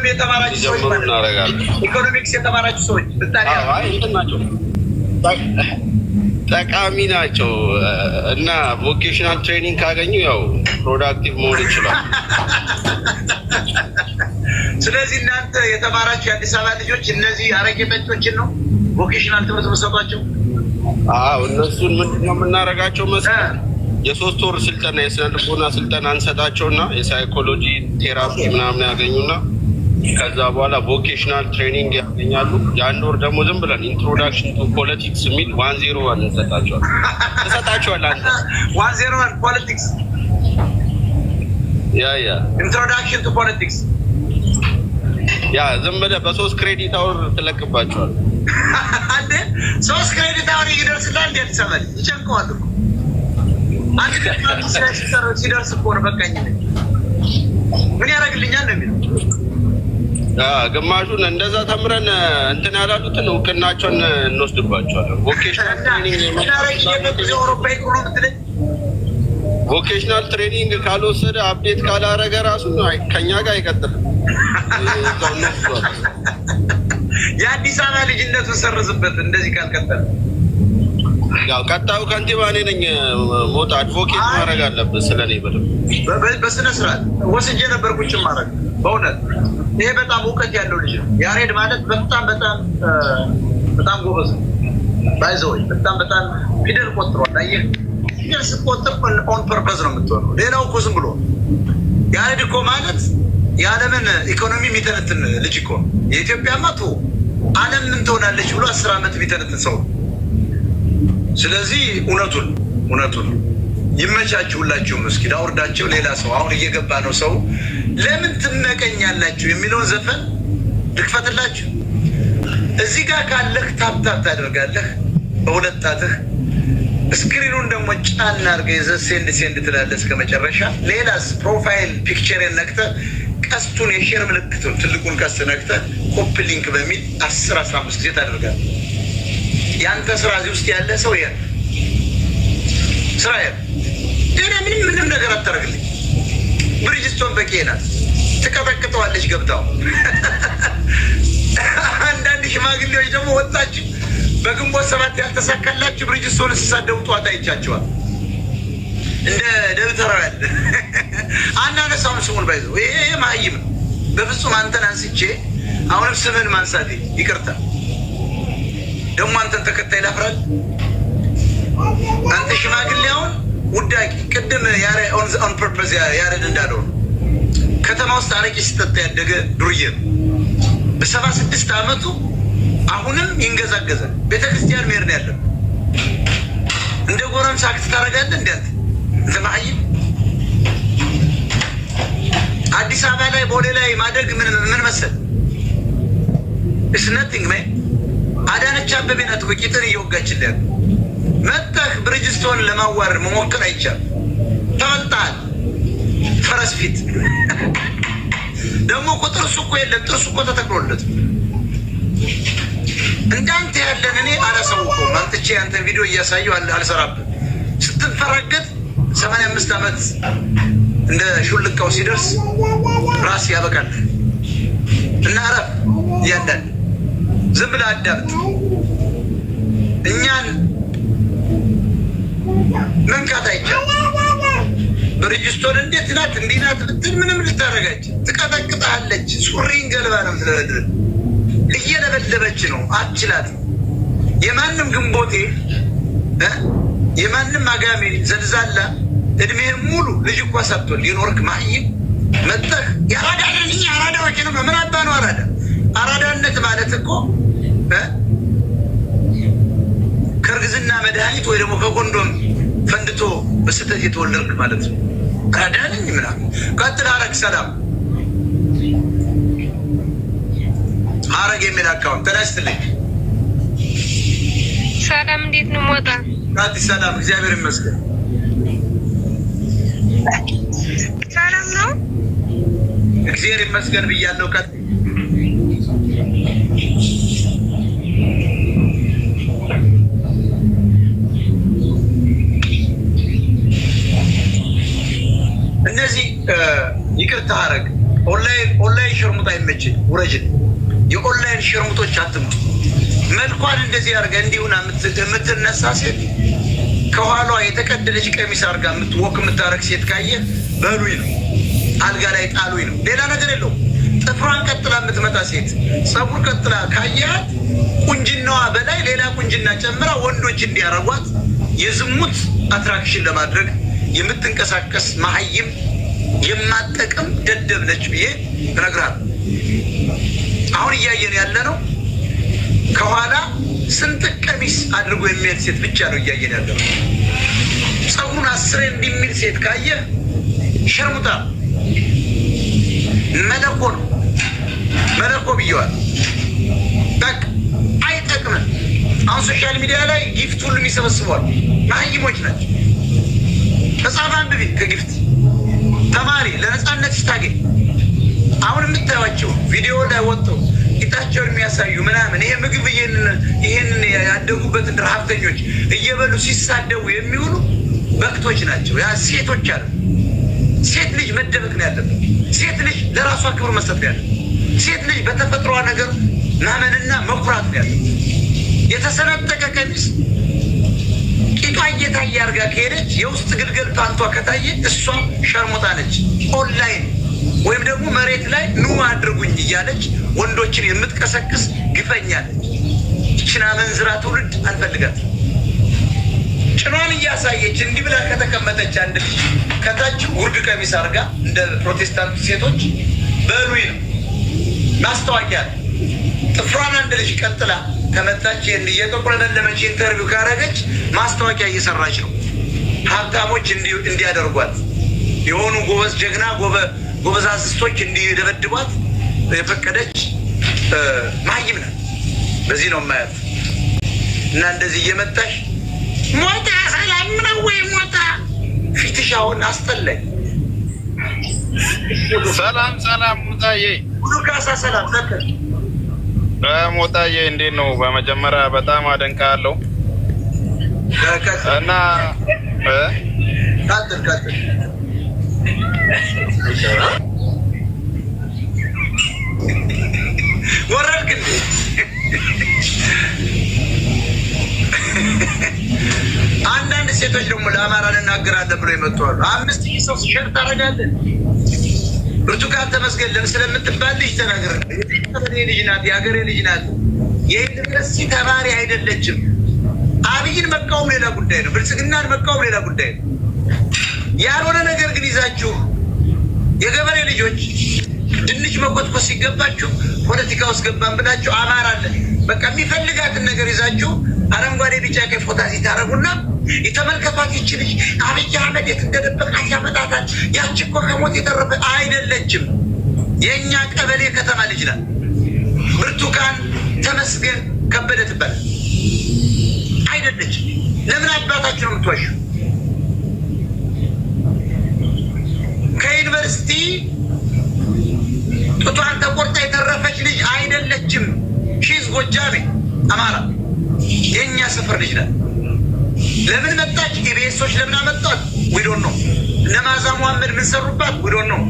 ኢኮኖሚ የተማራችሁ ሰዎች ኢኮኖሚክስ የተማራችሁ ሰዎች ጠቃሚ ናቸው እና ቮኬሽናል ትሬኒንግ ካገኙ ያው ፕሮዳክቲቭ መሆን ይችላል። ስለዚህ እናንተ የተማራችሁ የአዲስ አበባ ልጆች እነዚህ አረቄ መጮችን ነው ቮኬሽናል ትምህርት መሰጧቸው። አዎ እነሱን ምንድን ነው የምናደርጋቸው መሰለህ? የሶስት ወር ስልጠና የስነ ልቦና ስልጠና እንሰጣቸውና የሳይኮሎጂ ቴራፒ ምናምን ያገኙና ከዛ በኋላ ቮኬሽናል ትሬኒንግ ያገኛሉ። የአንድ ወር ደግሞ ዝም ብለን ኢንትሮዳክሽን ቱ ፖለቲክስ የሚል ዋን ዜሮ ዋን እንሰጣቸዋል እንሰጣቸዋል። አንተ ዋን ዜሮ ዋን ፖለቲክስ ያ ያ ኢንትሮዳክሽን ቱ ፖለቲክስ ያ ዝም ብለህ በሶስት ክሬዲት አውር ትለቅባቸዋል። አንዴ ሶስት ክሬዲት አውር ይደርስና እንዴት ሰበል ይጨንቀዋል እኮ አንድ ሲደርስ እኮ ነው በቃኝ ምን ያደርግልኛል ነው የሚለው ግማሹን እንደዛ ተምረን እንትን ያላሉትን እውቅናቸውን እንወስድባቸዋለን። ቮኬሽናል ትሬኒንግ ካልወሰደ አፕዴት ካላረገ ራሱ ከኛ ጋር አይቀጥልም። የአዲስ አበባ ልጅነቱ ሰርዝበት እንደዚህ ካልቀጠለ ያው ቀጣዩ ከንቲባ እኔ ነኝ። ሞት አድቮኬት ማድረግ አለብን። ስለኔ በደምብ በስነ ስርዓት ወስጄ ነበር ቁጭ ማድረግ በእውነት ይሄ በጣም እውቀት ያለው ልጅ ነው። ያሬድ ማለት በጣም በጣም በጣም ጎበዝ ባይዘወይ በጣም በጣም ፊደል ቆጥሯል። አየህ ፊደል ስቆጥር ኦን ፐርፐዝ ነው የምትሆነው። ሌላው እኮ ዝም ብሎ ያሬድ እኮ ማለት የዓለምን ኢኮኖሚ የሚተነትን ልጅ እኮ የኢትዮጵያ ማቶ ዓለም ምን ትሆናለች ብሎ አስር ዓመት የሚተነትን ሰው ስለዚህ እውነቱን እውነቱን ይመቻችሁላችሁ። መስጊድ አውርዳችሁ ሌላ ሰው አሁን እየገባ ነው ሰው ለምን ትመቀኛላችሁ የሚለውን ዘፈን ልክፈትላችሁ። እዚህ ጋር ካለህ ታብታብ ታደርጋለህ በሁለት ጣትህ ስክሪኑን ደግሞ ጫና አድርገህ ይዘህ ሴንድ ሴንድ ትላለህ እስከ መጨረሻ። ሌላስ ፕሮፋይል ፒክቸርን ነክተህ ቀስቱን የሼር ምልክቱን ትልቁን ቀስት ነክተህ ኮፕ ሊንክ በሚል አስር አስራ አምስት ጊዜ ታደርጋለህ። ያንተ ስራ እዚህ ውስጥ ያለ ሰው ያ ስራ ያ ጤና ምንም ምንም ነገር አታደርግልኝ። ብሪጅስቶን በቂ ናት፣ ትቀጠቅጠዋለች ገብታው። አንዳንድ ሽማግሌዎች ደግሞ ወጣችሁ በግንቦት ሰባት ያልተሳካላችሁ ብሪጅስቶን ሲሳደቡ ጠዋት አይቻቸዋል። እንደ ደብተራ ያለ አናነሳውም ስሙን ባይዘው ይሄ ማይም ነው። በፍጹም አንተን አንስቼ አሁንም ስምህን ማንሳት ይቅርታ። ደግሞ አንተን ተከታይ ላፍራል። አንተ ሽማግሌ አሁን ውዳቂ ቅድም ያሬ ኦን ፐርፐዝ ያሬድ እንዳለው ከተማ ውስጥ አረቂ ሲጠጣ ያደገ ዱርዬ ነው። በሰባ ስድስት ዓመቱ አሁንም ይንገዛገዛል። ቤተክርስቲያን ክርስቲያን መሄድ ነው ያለብህ። እንደ ጎረምሳ አክት ታደርጋለህ። እንዲያት እንደ መሀይም አዲስ አበባ ላይ ቦሌ ላይ ማደግ ምን መሰል ስነቲንግ ማይ አዳነች አበቤ ናት እኮ ቂጥን እየወጋችልህ ያለ መጠህ ብርጅስቶን ለማዋረድ መሞከር አይቻልም። ተመጣል ፈረስ ፊት ደግሞ እኮ ጥርሱ እኮ የለም። ጥርሱ እኮ ተተክሎለት እንዳንተ ያለን እኔ አላሰው እኮ ማምጥቼ ያንተን ቪዲዮ እያሳየው አልሰራብም። ስትንፈራገጥ ሰማንያ አምስት ዓመት እንደ ሹልቃው ሲደርስ ራስ ያበቃል እና እረፍ እያንዳንድ ዝም ብለህ አዳምጥ። መንካት አይቻል። ብርጅስቶን እንዴት ናት እንዲህ ናት ብትል ምንም ልታደረጋች ትቀጠቅጣለች። ሱሪን ገልባ ነው ምትለበድር እየለበለበች ነው። አችላት የማንም ግንቦቴ የማንም አጋሜ ዘልዛላ እድሜህን ሙሉ ልጅ እኳ ሳትወልድ የኖርክ ማይም መጠህ የአራዳ ልኝ አራዳዎች ነው። ምን አባ ነው አራዳ? አራዳነት ማለት እኮ ከእርግዝና መድኃኒት ወይ ደግሞ ከኮንዶም ፈንድቶ በስህተት የተወለድክ ማለት ነው። ከዳንኝ ምናምን ቀጥል አረግ ሰላም ማረግ የሚል አካውንት ተዳስትልኝ ሰላም እንዴት ነው? ሞጣ ቃቲ ሰላም፣ እግዚአብሔር ይመስገን። ሰላም ነው፣ እግዚአብሔር ይመስገን ሰላም ነው እግዚአብሔር ይመስገን ብያለው። ቀጥ ይቅርታ አረግ ኦንላይን ሽርሙጥ አይመችኝ፣ ውረጅን። የኦንላይን ሽርሙጦች አትሙ። መልኳን እንደዚህ አርገ እንዲሁን የምትነሳ ሴት ከኋሏ የተቀደደች ቀሚስ አርጋ የምትወክ የምታረግ ሴት ካየ በሉኝ ነው፣ አልጋ ላይ ጣሉኝ ነው። ሌላ ነገር የለው። ጥፍሯን ቀጥላ የምትመጣ ሴት ጸጉር ቀጥላ ካያት ቁንጅናዋ በላይ ሌላ ቁንጅና ጨምራ ወንዶች እንዲያረጓት የዝሙት አትራክሽን ለማድረግ የምትንቀሳቀስ መሀይም የማጠቅም ደደብ ነች ብዬ እነግራለሁ። አሁን እያየን ያለ ነው። ከኋላ ስንጥቅ ቀሚስ አድርጎ የሚሄድ ሴት ብቻ ነው እያየን ያለ ነው። ጸጉሩን አስሬ እንዲሚል ሴት ካየ ሸርሙጣ መለኮ ነው። መለኮ ብየዋል። በቃ አይጠቅምም። አሁን ሶሻል ሚዲያ ላይ ጊፍት ሁሉም ይሰበስቧል። መሀይሞች ናቸው። መጽሐፍ አንብቢ ከጊፍት ተማሪ ለነፃነት ስታገኝ አሁን የምታዩቸው ቪዲዮ ላይ ወጥተው ጌጣቸውን የሚያሳዩ ምናምን ይሄ ምግብ ይህንን ያደጉበትን ረሀብተኞች እየበሉ ሲሳደቡ የሚውሉ በክቶች ናቸው። ያ ሴቶች አሉ። ሴት ልጅ መደበቅ ነው ያለበት። ሴት ልጅ ለራሷ ክብር መስጠት ያለ ሴት ልጅ በተፈጥሯ ነገር ማመንና መኩራት ነው የተሰነጠቀ ቀሚስ እየታየ አድርጋ ከሄደች የውስጥ ግልገል ፓንቷ ከታየ እሷም ሸርሙጣለች። ኦንላይን ወይም ደግሞ መሬት ላይ ኑ አድርጉኝ እያለች ወንዶችን የምትቀሰቅስ ግፈኛለች። ይችን አመንዝራ ትውልድ አልፈልጋት። ጭኗን እያሳየች እንዲህ ብላ ከተቀመጠች አንድ ልጅ ከታች ውርድ ቀሚስ አድርጋ እንደ ፕሮቴስታንት ሴቶች በሉይ ነው ማስታወቂያ ጥፍሯን አንድ ልጅ ቀጥላ ከመጣች እየጠቁለመለመች ኢንተርቪው ካረገች ማስታወቂያ እየሰራች ነው። ሀብታሞች እንዲያደርጓት የሆኑ ጎበዝ ጀግና ጎበዝ አስስቶች እንዲደበድቧት የፈቀደች ማይም ናት። በዚህ ነው የማያት እና እንደዚህ እየመጣሽ ሞጣ ሰላም ነው ወይ ሞጣ ፊትሽ አሁን አስጠላኝ። ሰላም ሰላም ሙጣዬ ሁሉ ካሳ ሰላም ነበር ሞጣዬ እንዴት ነው? በመጀመሪያ በጣም አደንቃለሁ እና አንዳንድ ሴቶች ደግሞ ለአማራ ልናገራለን ብሎ ይመጡዋሉ። አምስት ሰው ሸር ታደርጋለን ብርቱካን ተመስገን ስለምትባል ልጅ ተናገረ። ልጅ ናት፣ የሀገሬ ልጅ ናት። የዩኒቨርሲቲ ተማሪ አይደለችም። አብይን መቃወም ሌላ ጉዳይ ነው። ብልጽግናን መቃወም ሌላ ጉዳይ ነው። ያልሆነ ነገር ግን ይዛችሁ የገበሬ ልጆች ድንች መኮትኮት ሲገባችሁ ፖለቲካ ውስጥ ገባን ብላችሁ አማራ አለ በቃ የሚፈልጋትን ነገር ይዛችሁ አረንጓዴ ቢጫ ቀይ ፎታ ሲታረጉና የተመልከቷት ይች ልጅ አብይ አህመድ የት እንደደበቃት ያመጣታል እኮ ከሞት የተረፈ አይደለችም። የእኛ ቀበሌ ከተማ ልጅ ናት። ብርቱካን ተመስገን ከበደ ትባላል። አይደለችም። ለምን አባታችን ነው የምትዋሹ? ከዩኒቨርሲቲ ጡቷን ተቆርጣ የተረፈች ልጅ አይደለችም። ሺዝ ጎጃሜ አማራ የእኛ ሰፈር ልጅ ናት። ለምን መጣች? ኢቤሶች ለምን አመጣት? ዊዶን ነው ለማዛ መሐመድ ምን ሰሩባት? ውዶን ነው